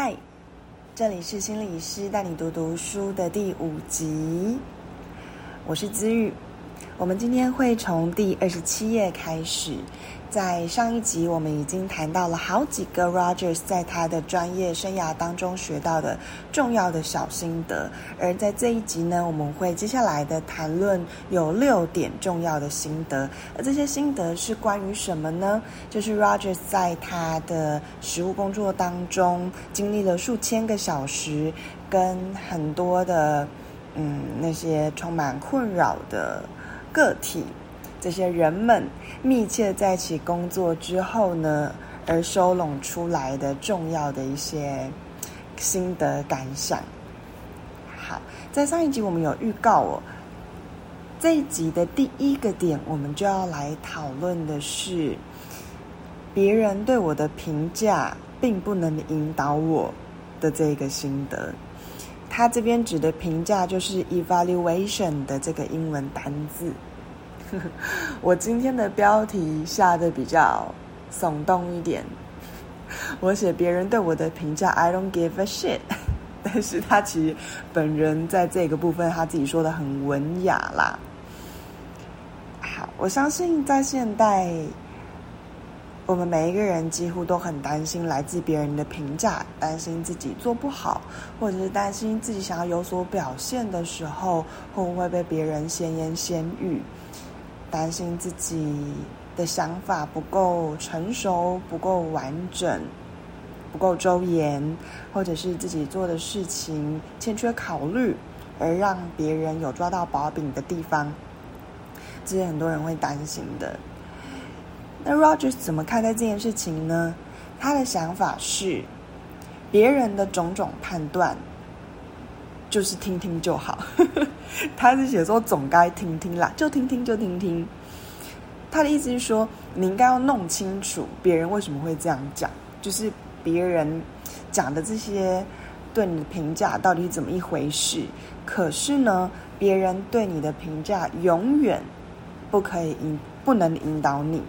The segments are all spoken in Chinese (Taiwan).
嗨，Hi, 這裡是心理師帶你讀讀書的第五集，我是子玉。我們今天會從第二十七頁開始，在上一集我們已經談到了好幾個 Rogers 在他的專業生涯當中學到的重要的小心得，而在這一集呢，我們會接下來的談論有六點重要的心得，而這些心得是關於什麼呢？就是 Rogers 在他的實務工作當中經歷了數千個小時，跟很多的嗯那些充滿困擾的。個體，這些人們密切在一起工作之後呢，而收攏出來的重要的一些心得感想。好，在上一集我們有預告哦，這一集的第一個點，我們就要來討論的是別人對我的評價，並不能引導我的這個心得。他這邊指的評價就是 evaluation 的這個英文單字。 我今天的標題下得比較聳動一點，我寫別人對我的評價，I don't give a shit，但是他其實本人在這個部分他自己說得很文雅啦。好，我相信在現代，我們每一個人幾乎都很擔心來自別人的評價，擔心自己做不好，或者是擔心自己想要有所表現的時候，會不會被別人先言先語。擔心自己的想法不夠成熟，不夠完整，不夠周延，或者是自己做的事情欠缺考慮，而讓別人有抓到把柄的地方，這是很多人會擔心的。那 Rogers 怎麼看待這件事情呢？他的想法是，別人的種種判斷，就是聽聽就好呵呵，他是寫說，總該聽聽啦，就聽聽就聽聽。他的意思是說，你應該要弄清楚別人為什麼會這樣講，就是別人講的這些對你的評價到底怎麼一回事。可是呢，別人對你的評價永遠不可以引，不能引導你。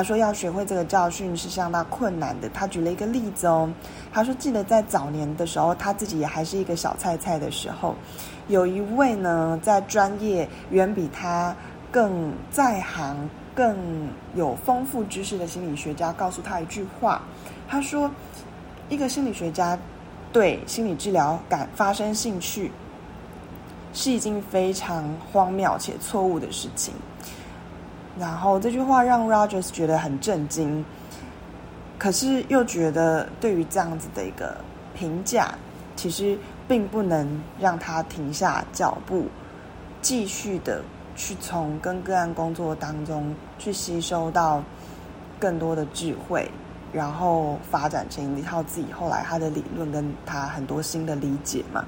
他說：“要學會這個教訓是相當困難的。”他舉了一個例子哦，他說：“記得在早年的時候，他自己也還是一個小菜菜的時候，有一位呢，在專業遠比他更在行、更有豐富知識的心理學家，告訴他一句話：他說，一個心理學家對心理治療感發生興趣，是一件非常荒謬且錯誤的事情。”然後這句話讓 Rogers 覺得很震驚，可是又覺得對於這樣子的一個評價，其實並不能讓他停下腳步，繼續的去從跟個案工作當中去吸收到更多的智慧，然後發展成一套自己後來他的理論跟他很多新的理解嘛。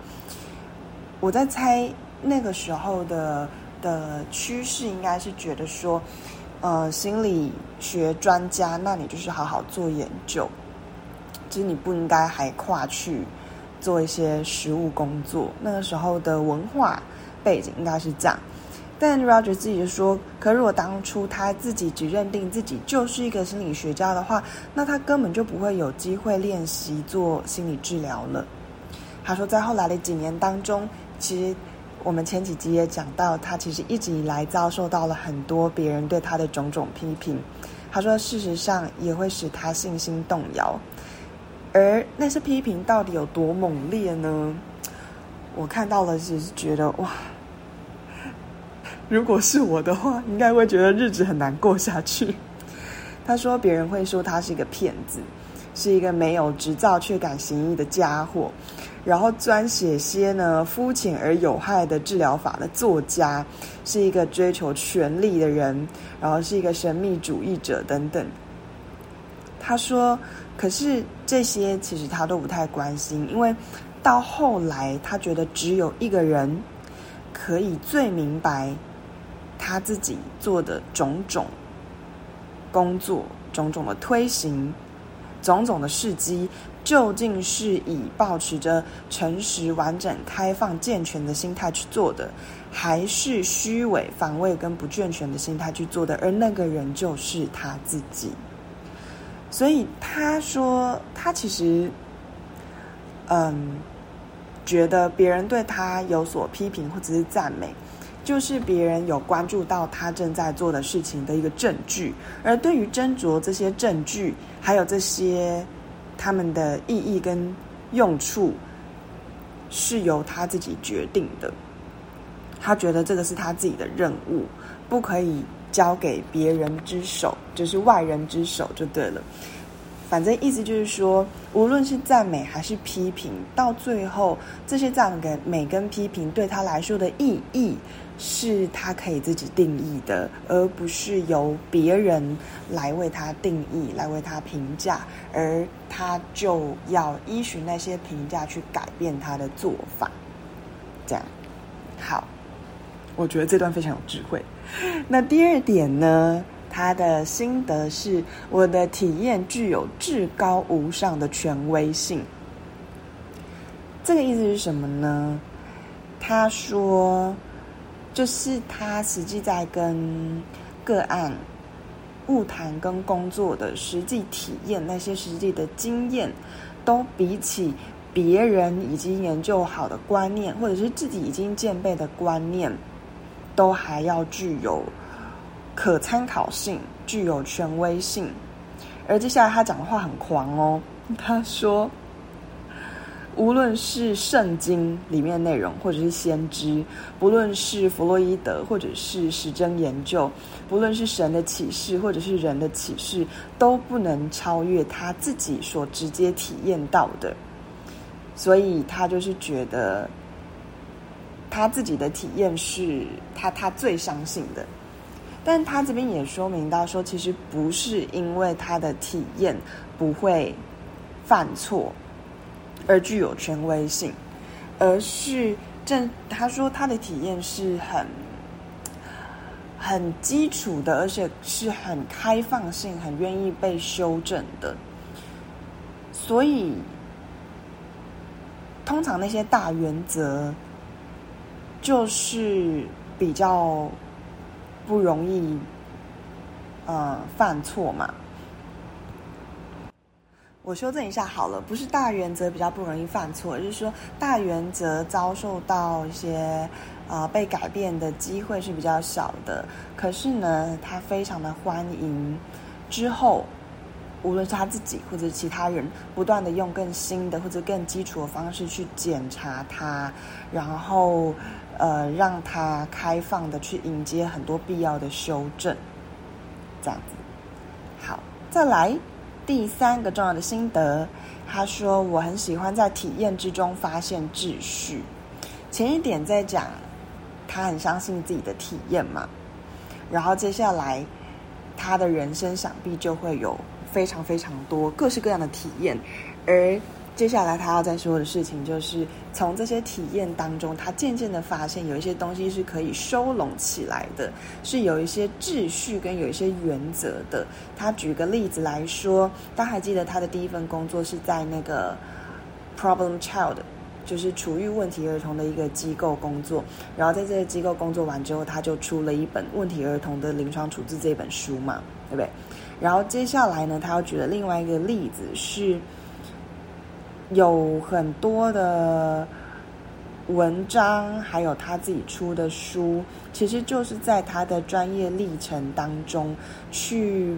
我在猜那個時候的。的趨勢應該是覺得說，呃，心理學專家，那你就是好好做研究。其實你不應該還跨去做一些實務工作。那個時候的文化背景應該是這樣，但 Roger 自己就說，可如果當初他自己只認定自己就是一個心理學家的話，那他根本就不會有機會練習做心理治療了。他說，在後來的幾年當中，其實。我們前幾集也講到，他其實一直以來遭受到了很多別人對他的種種批評。他說，事實上也會使他信心動搖。而那些批評到底有多猛烈呢？我看到了，只是覺得哇，如果是我的話，應該會覺得日子很難過下去。他說，別人會說他是一個騙子。是一個沒有執照卻敢行醫的家伙，然後專寫些呢膚淺而有害的治療法的作家，是一個追求權力的人，然後是一個神秘主義者等等。他說：“可是這些其實他都不太關心，因為到後來他覺得只有一個人可以最明白他自己做的種種工作、種種的推行。”種種的事蹟，究竟是以抱持著誠實、完整、開放、健全的心態去做的，還是虛偽、防衛跟不健全的心態去做的？而那個人就是他自己。所以他說，他其實，嗯，覺得別人對他有所批評或者是讚美。就是別人有關注到他正在做的事情的一個證據，而對於斟酌這些證據，還有這些他們的意義跟用處，是由他自己決定的。他覺得這個是他自己的任務，不可以交給別人之手，就是外人之手就對了。反正意思就是說，無論是讚美還是批評，到最後這些讚美跟批評對他來說的意義。是他可以自己定義的，而不是由別人來為他定義、來為他評價，而他就要依循那些評價去改變他的做法。這樣好，我覺得這段非常有智慧。那第二點呢？他的心得是，我的體驗具有至高無上的權威性。這個意思是什麼呢？他說。就是他實際在跟個案晤談跟工作的實際體驗，那些實際的經驗，都比起別人已經研究好的觀念，或者是自己已經建備的觀念，都還要具有可參考性，具有權威性。而接下來他講的話很狂哦，他說。無論是聖經裡面的內容，或者是先知，不論是弗洛伊德，或者是實證研究，不論是神的啟示，或者是人的啟示，都不能超越他自己所直接體驗到的。所以他就是覺得，他自己的體驗是他他最相信的。但他這邊也說明到說，其實不是因為他的體驗不會犯錯。而具有權威性，而是正他說，他的體驗是很很基礎的，而且是很開放性、很願意被修正的。所以，通常那些大原則就是比較不容易嗯、呃、犯錯嘛。我修正一下好了，不是大原則比較不容易犯錯，就是說大原則遭受到一些呃被改變的機會是比較小的，可是呢，他非常的歡迎之後，無論是他自己或者其他人，不斷的用更新的或者更基礎的方式去檢查他，然後呃讓他開放的去迎接很多必要的修正，這樣子。好，再來。第三個重要的心得，他說我很喜歡在體驗之中發現秩序。前一點在講他很相信自己的體驗嘛，然後接下來他的人生想必就會有非常非常多各式各樣的體驗，而。接下來他要再說的事情，就是從這些體驗當中，他漸漸的發現有一些東西是可以收攏起來的，是有一些秩序跟有一些原則的。他舉個例子來說，他還記得他的第一份工作是在那個 problem child，就是處遇問題兒童的一個機構工作。然後在這個機構工作完之後，他就出了一本《問題兒童的臨床處置》這本書嘛，對不對？然後接下來呢，他要舉的另外一個例子是。有很多的文章，還有他自己出的書，其實就是在他的專業歷程當中去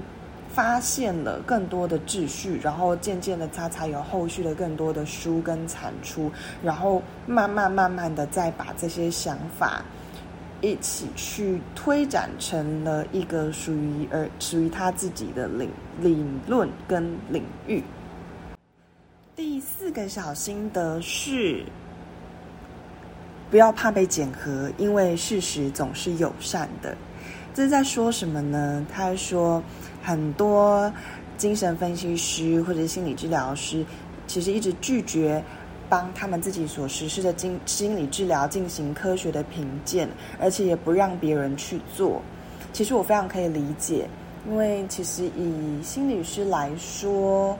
發現了更多的秩序，然後漸漸的他才有後續的更多的書跟產出，然後慢慢慢慢的再把這些想法一起去推展成了一個屬於呃屬於他自己的領理論跟領域。第四個小心得是，不要怕被檢核，因為事實總是友善的。這是在說什麼呢？他說，很多精神分析師或者心理治療師，其實一直拒絕幫他們自己所實施的心理治療進行科學的評鑑，而且也不讓別人去做。其實我非常可以理解，因為其實以心理師來說。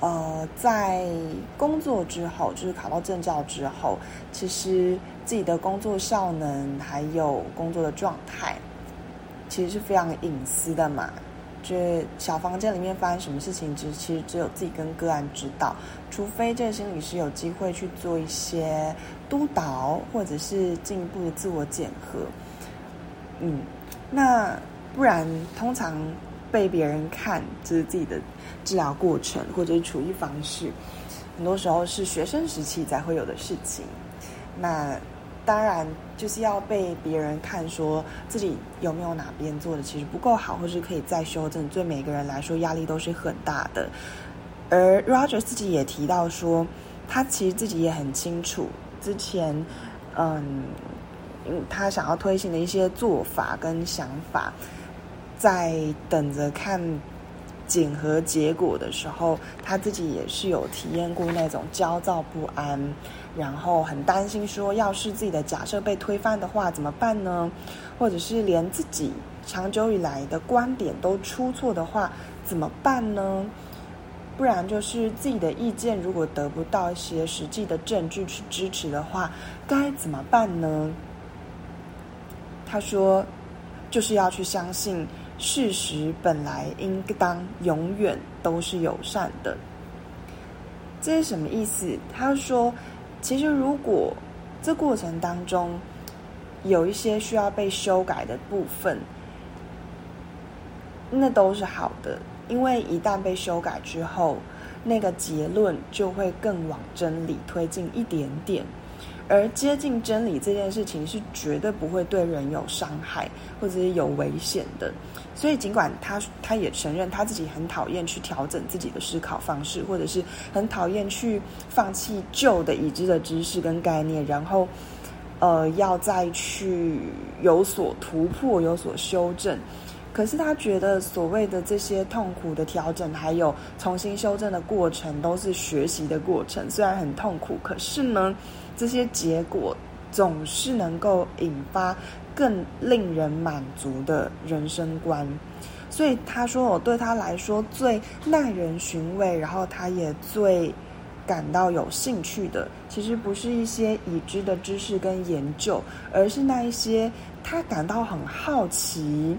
呃，在工作之後，就是考到證照之後，其實自己的工作效能還有工作的狀態，其實是非常隱私的嘛。就是小房間裡面發生什麼事情，只其實只有自己跟個案知道，除非這個心理師有機會去做一些督導，或者是進一步的自我檢核。嗯，那不然通常。被別人看，就是自己的治療過程或者是處遇方式，很多時候是學生時期才會有的事情。那當然就是要被別人看，說自己有沒有哪邊做的其實不夠好，或者是可以再修正，對每個人來說，壓力都是很大的。而 Roger 自己也提到說，他其實自己也很清楚，之前嗯，他想要推行的一些做法跟想法。在等着看檢核結果的時候，他自己也是有體驗過那種焦躁不安，然後很擔心說，要是自己的假設被推翻的話怎麼辦呢？或者是連自己長久以來的觀點都出錯的話怎麼辦呢？不然就是自己的意見如果得不到一些實際的證據去支持的話，該怎麼辦呢？他說，就是要去相信。事實本來應當永遠都是友善的，這是什麼意思？他說，其實如果這過程當中有一些需要被修改的部分，那都是好的，因為一旦被修改之後，那個結論就會更往真理推進一點點。而接近真理這件事情是絕對不會對人有傷害或者是有危險的，所以儘管他他也承認他自己很討厭去調整自己的思考方式，或者是很討厭去放棄舊的已知的知識跟概念，然後呃要再去有所突破、有所修正。可是他覺得所謂的這些痛苦的調整還有重新修正的過程，都是學習的過程，雖然很痛苦，可是呢。這些結果總是能夠引發更令人滿足的人生觀，所以他說，我對他來說最耐人尋味，然後他也最感到有興趣的，其實不是一些已知的知識跟研究，而是那一些他感到很好奇，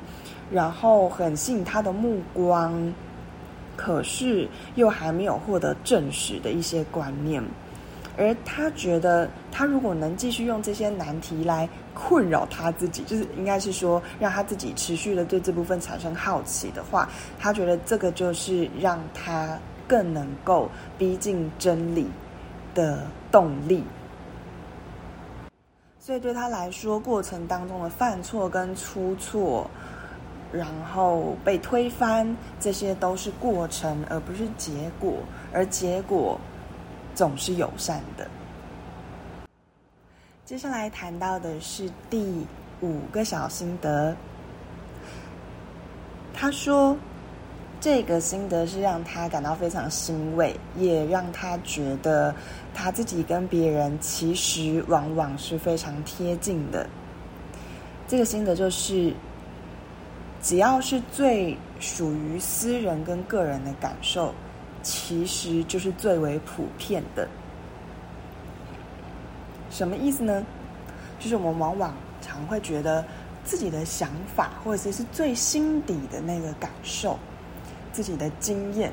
然後很吸引他的目光，可是又還沒有獲得證實的一些觀念。而他覺得，他如果能繼續用這些難題來困擾他自己，就是應該是說，讓他自己持續的對這部分產生好奇的話，他覺得這個就是讓他更能夠逼近真理的動力。所以對他來說，過程當中的犯錯跟出錯，然後被推翻，這些都是過程，而不是結果。而結果。總是友善的。接下來談到的是第五個小心得。他說，這個心得是讓他感到非常欣慰，也讓他覺得他自己跟別人其實往往是非常貼近的。這個心得就是，只要是最屬於私人跟個人的感受。其實就是最為普遍的。什麼意思呢？就是我們往往常會覺得自己的想法，或者是最心底的那個感受，自己的經驗，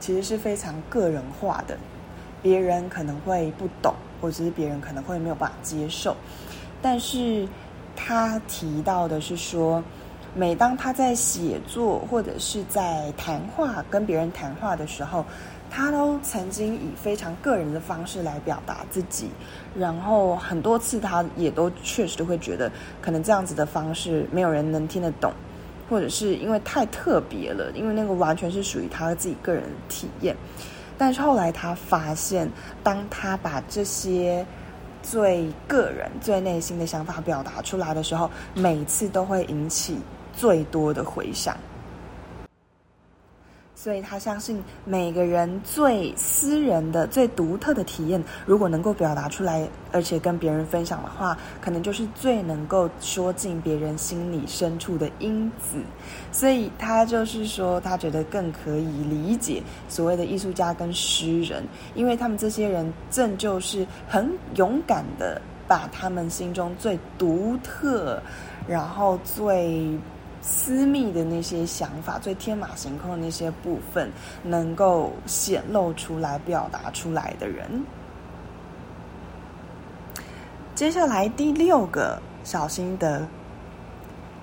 其實是非常個人化的。別人可能會不懂，或者是別人可能會沒有辦法接受。但是他提到的是說，每當他在寫作或者是在談話跟別人談話的時候，他都曾經以非常個人的方式來表達自己。然後很多次他也都確實會覺得，可能這樣子的方式沒有人能聽得懂，或者是因為太特別了，因為那個完全是屬於他自己個人的體驗。但是後來他發現，當他把這些最個人、最內心的想法表達出來的時候，每次都會引起。最多的回響，所以他相信每個人最私人的、最獨特的體驗，如果能夠表達出來，而且跟別人分享的話，可能就是最能夠說進別人心裡深處的因子。所以他就是說，他覺得更可以理解所謂的藝術家跟詩人，因為他們這些人正就是很勇敢的把他們心中最獨特，然後最。私密的那些想法，最天馬行空的那些部分，能夠顯露出來、表達出來的人。接下來第六個小心得，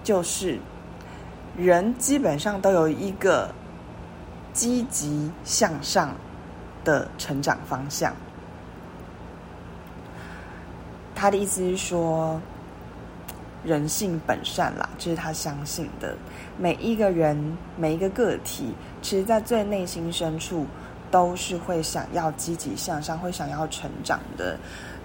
就是人基本上都有一個積極向上的成長方向。他的意思是說。人性本善啦，這、就是他相信的。每一個人，每一個個體，其實，在最內心深處，都是會想要積極向上，會想要成長的。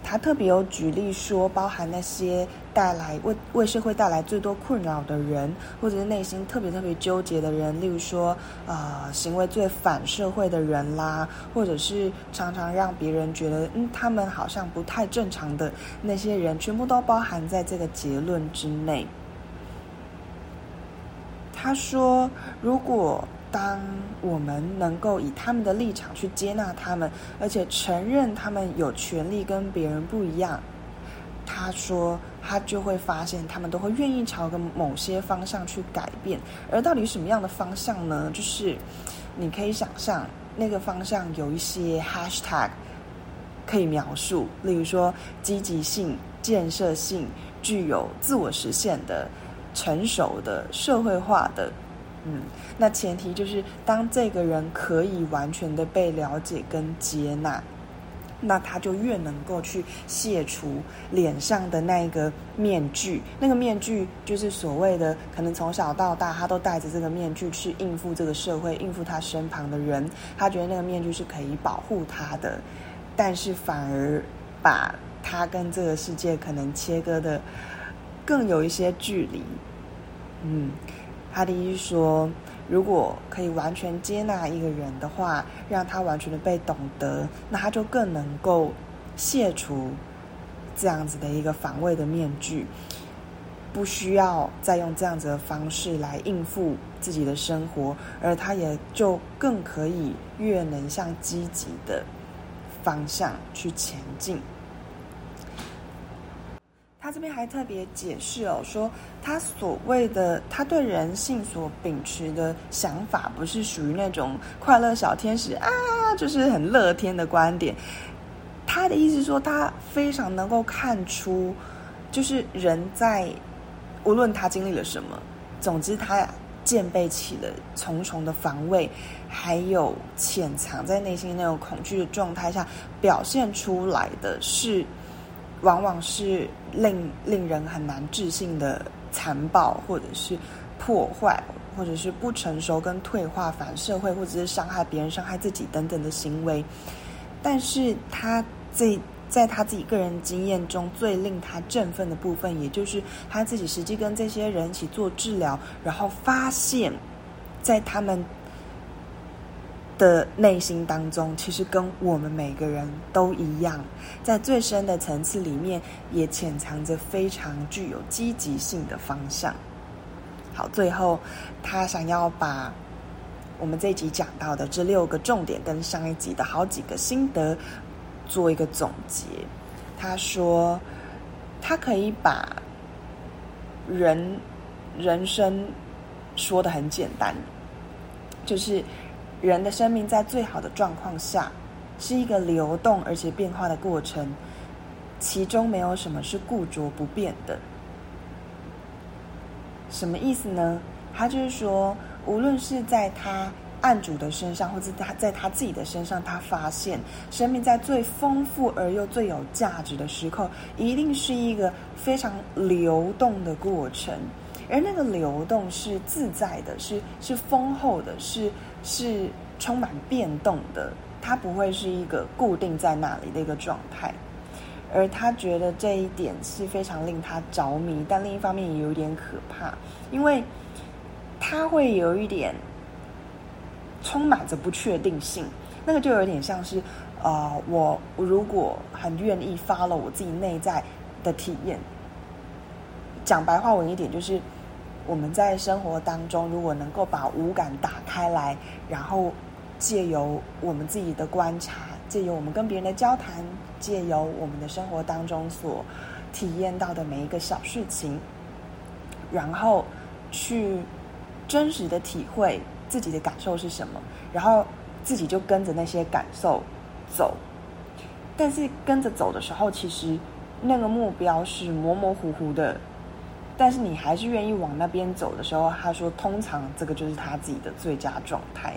他特別有舉例說，包含那些帶來為為社會帶來最多困擾的人，或者是內心特別特別糾結的人，例如說，呃，行為最反社會的人啦，或者是常常讓別人覺得，嗯，他們好像不太正常的那些人，全部都包含在這個結論之內。他說，如果。當我們能夠以他們的立場去接納他們，而且承認他們有權利跟別人不一樣，他說他就會發現他們都會願意朝着某些方向去改變。而到底什麼樣的方向呢？就是你可以想象那個方向有一些 hashtag 可以描述，例如說積極性、建設性、具有自我實現的、成熟的、社會化的。嗯，那前提就是，當這個人可以完全的被了解跟接納，那他就越能夠去卸除臉上的那個面具。那個面具就是所謂的，可能從小到大他都戴着這個面具去應付這個社會，應付他身旁的人。他覺得那個面具是可以保護他的，但是反而把他跟這個世界可能切割得更有一些距離。嗯。他的意思說，如果可以完全接納一個人的話，讓他完全的被懂得，那他就更能夠卸除這樣子的一個防衛的面具，不需要再用這樣子的方式來應付自己的生活，而他也就更可以越能向積極的方向去前進。他這邊還特別解釋哦，說他所謂的他對人性所秉持的想法，不是屬於那種快樂小天使啊，就是很樂天的觀點。他的意思是說，他非常能夠看出，就是人在無論他經歷了什麼，總之他戒備起了重重的防衛，還有潛藏在內心那種恐懼的狀態下表現出來的是。往往是令令人很難置信的殘暴，或者是破壞，或者是不成熟、跟退化、反社會，或者是傷害別人、傷害自己等等的行為。但是他，他在他自己個人經驗中最令他振奮的部分，也就是他自己實際跟這些人一起做治療，然後發現，在他們。的內心當中，其實跟我們每個人都一樣，在最深的層次裡面，也潛藏着非常具有積極性的方向。好，最後他想要把我們這一集講到的這六個重點，跟上一集的好幾個心得做一個總結。他說，他可以把人人生說得很簡單，就是。人的生命在最好的狀況下，是一個流動而且變化的過程，其中沒有什麼是固着不變的。什麼意思呢？他就是說，無論是在他案主的身上，或者是他在他自己的身上，他發現生命在最豐富而又最有價值的時候，一定是一個非常流動的過程，而那個流動是自在的，是是豐厚的，是。是充滿變動的，它不會是一個固定在那裡的一個狀態，而他覺得這一點是非常令他着迷，但另一方面也有點可怕，因為他會有一點充滿着不確定性。那個就有點像是啊，我、呃、我如果很願意 follow 我自己內在的體驗，講白話文一點就是。我們在生活當中，如果能夠把五感打開來，然後借由我們自己的觀察，借由我們跟別人的交談，借由我們的生活當中所體驗到的每一個小事情，然後去真實的體會自己的感受是什麼，然後自己就跟着那些感受走。但是跟着走的時候，其實那個目標是模模糊糊的。但是你還是願意往那邊走的時候，他說：“通常這個就是他自己的最佳狀態，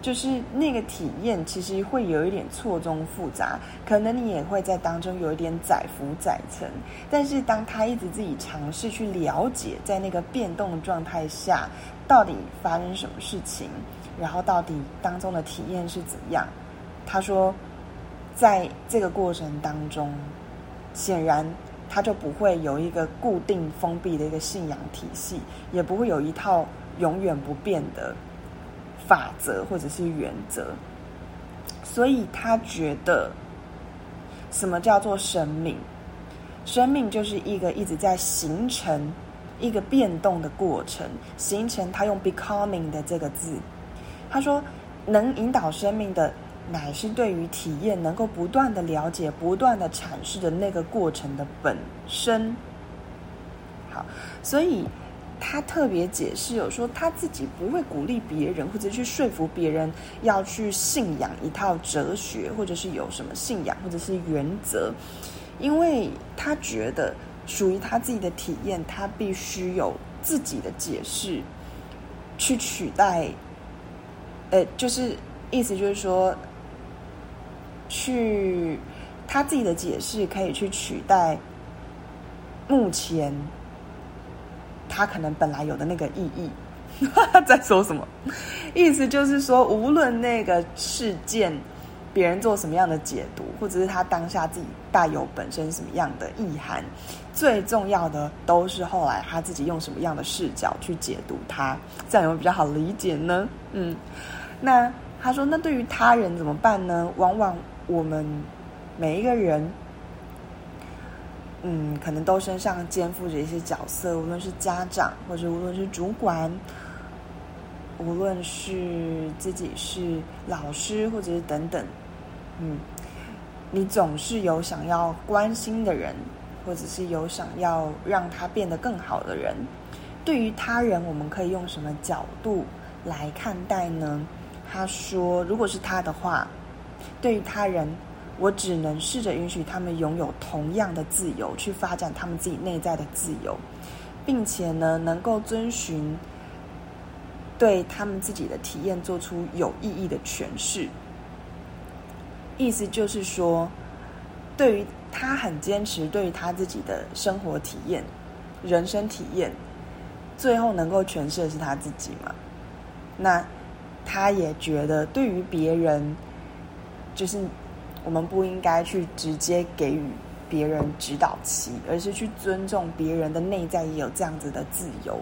就是那個體驗其實會有一點錯綜複雜，可能你也會在當中有一點載浮載沉。但是當他一直自己嘗試去了解，在那個變動狀態下到底發生什麼事情，然後到底當中的體驗是怎樣，他說，在這個過程當中，顯然。”他就不會有一個固定封閉的一個信仰體系，也不會有一套永遠不變的法則或者是原則，所以他覺得什麼叫做生命？生命就是一個一直在形成、一個變動的過程，形成他用 becoming 的這個字。他說，能引導生命的。乃是對於體驗能夠不斷的了解、不斷的闡釋的那個過程的本身。好，所以他特別解釋有說，他自己不會鼓勵別人或者去說服別人要去信仰一套哲學，或者是有什麼信仰，或者是原則，因為他覺得屬於他自己的體驗，他必須有自己的解釋去取代。呃，就是意思就是說。去他自己的解釋可以去取代目前他可能本來有的那個意義， 在說什麼意思？就是說，無論那個事件別人做什麼樣的解讀，或者是他當下自己帶有本身什麼樣的意涵，最重要的都是後來他自己用什麼樣的視角去解讀他。這樣有沒有比較好理解呢？嗯，那他說，那對於他人怎麼辦呢？往往。我們每一個人，嗯，可能都身上肩負着一些角色，無論是家長，或者無論是主管，無論是自己是老師，或者是等等，嗯，你總是有想要關心的人，或者是有想要讓他變得更好的人。對於他人，我們可以用什麼角度來看待呢？他說：如果是他的話，對於他人，我只能試着允許他們擁有同樣的自由，去發展他們自己內在的自由，並且呢，能夠遵循對他們自己的體驗做出有意義的詮釋。意思就是說，對於他很堅持，對於他自己的生活體驗、人生體驗，最後能夠詮釋的是他自己嘛？那他也覺得，對於別人。就是我們不應該去直接給予別人指導期，而是去尊重別人的內在也有這樣子的自由，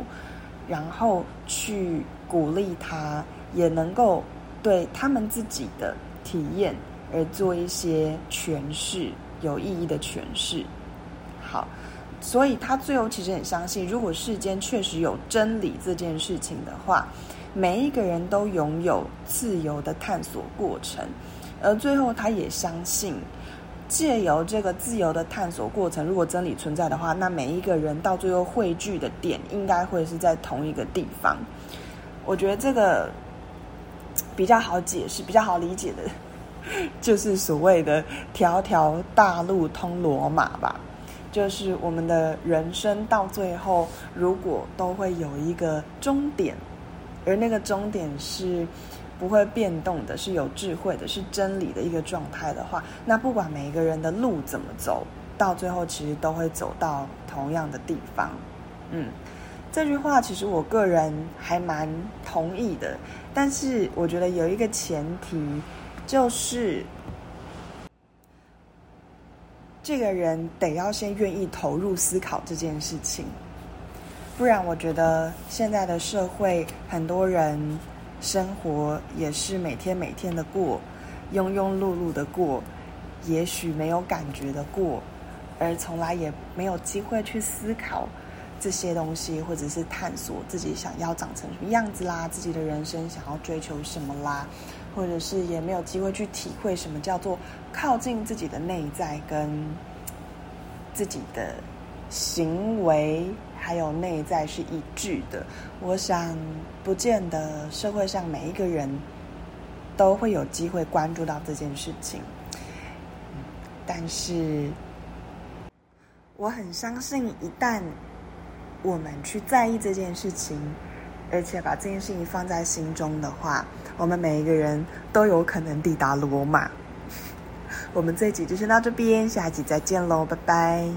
然後去鼓勵他，也能夠對他們自己的體驗而做一些詮釋、有意義的詮釋。好，所以他最後其實很相信，如果世間確實有真理這件事情的話，每一個人都擁有自由的探索過程。而最後，他也相信，借由這個自由的探索過程，如果真理存在的話，那每一個人到最後匯聚的點，應該會是在同一個地方。我覺得這個比較好解釋、比較好理解的，就是所謂的“條條大路通羅馬”吧。就是我們的人生到最後，如果都會有一個終點，而那個終點是……不會變動的，是有智慧的，是真理的一個狀態的話，那不管每一個人的路怎麼走，到最後其實都會走到同樣的地方。嗯，這句話其實我個人還蠻同意的，但是我覺得有一個前提，就是這個人得要先願意投入思考這件事情，不然我覺得現在的社會很多人。生活也是每天每天的過，庸庸碌碌的過，也許沒有感覺的過，而從來也沒有機會去思考這些東西，或者是探索自己想要長成什麼樣子啦，自己的人生想要追求什麼啦，或者是也沒有機會去體會什麼叫做靠近自己的內在跟自己的行為。還有內在是一致的，我想不見得社會上每一個人都會有機會關注到這件事情。但是我很相信，一旦我們去在意這件事情，而且把這件事情放在心中的話，我們每一個人都有可能抵達羅馬。我們這集就先到這邊，下一集再見嘍，拜拜。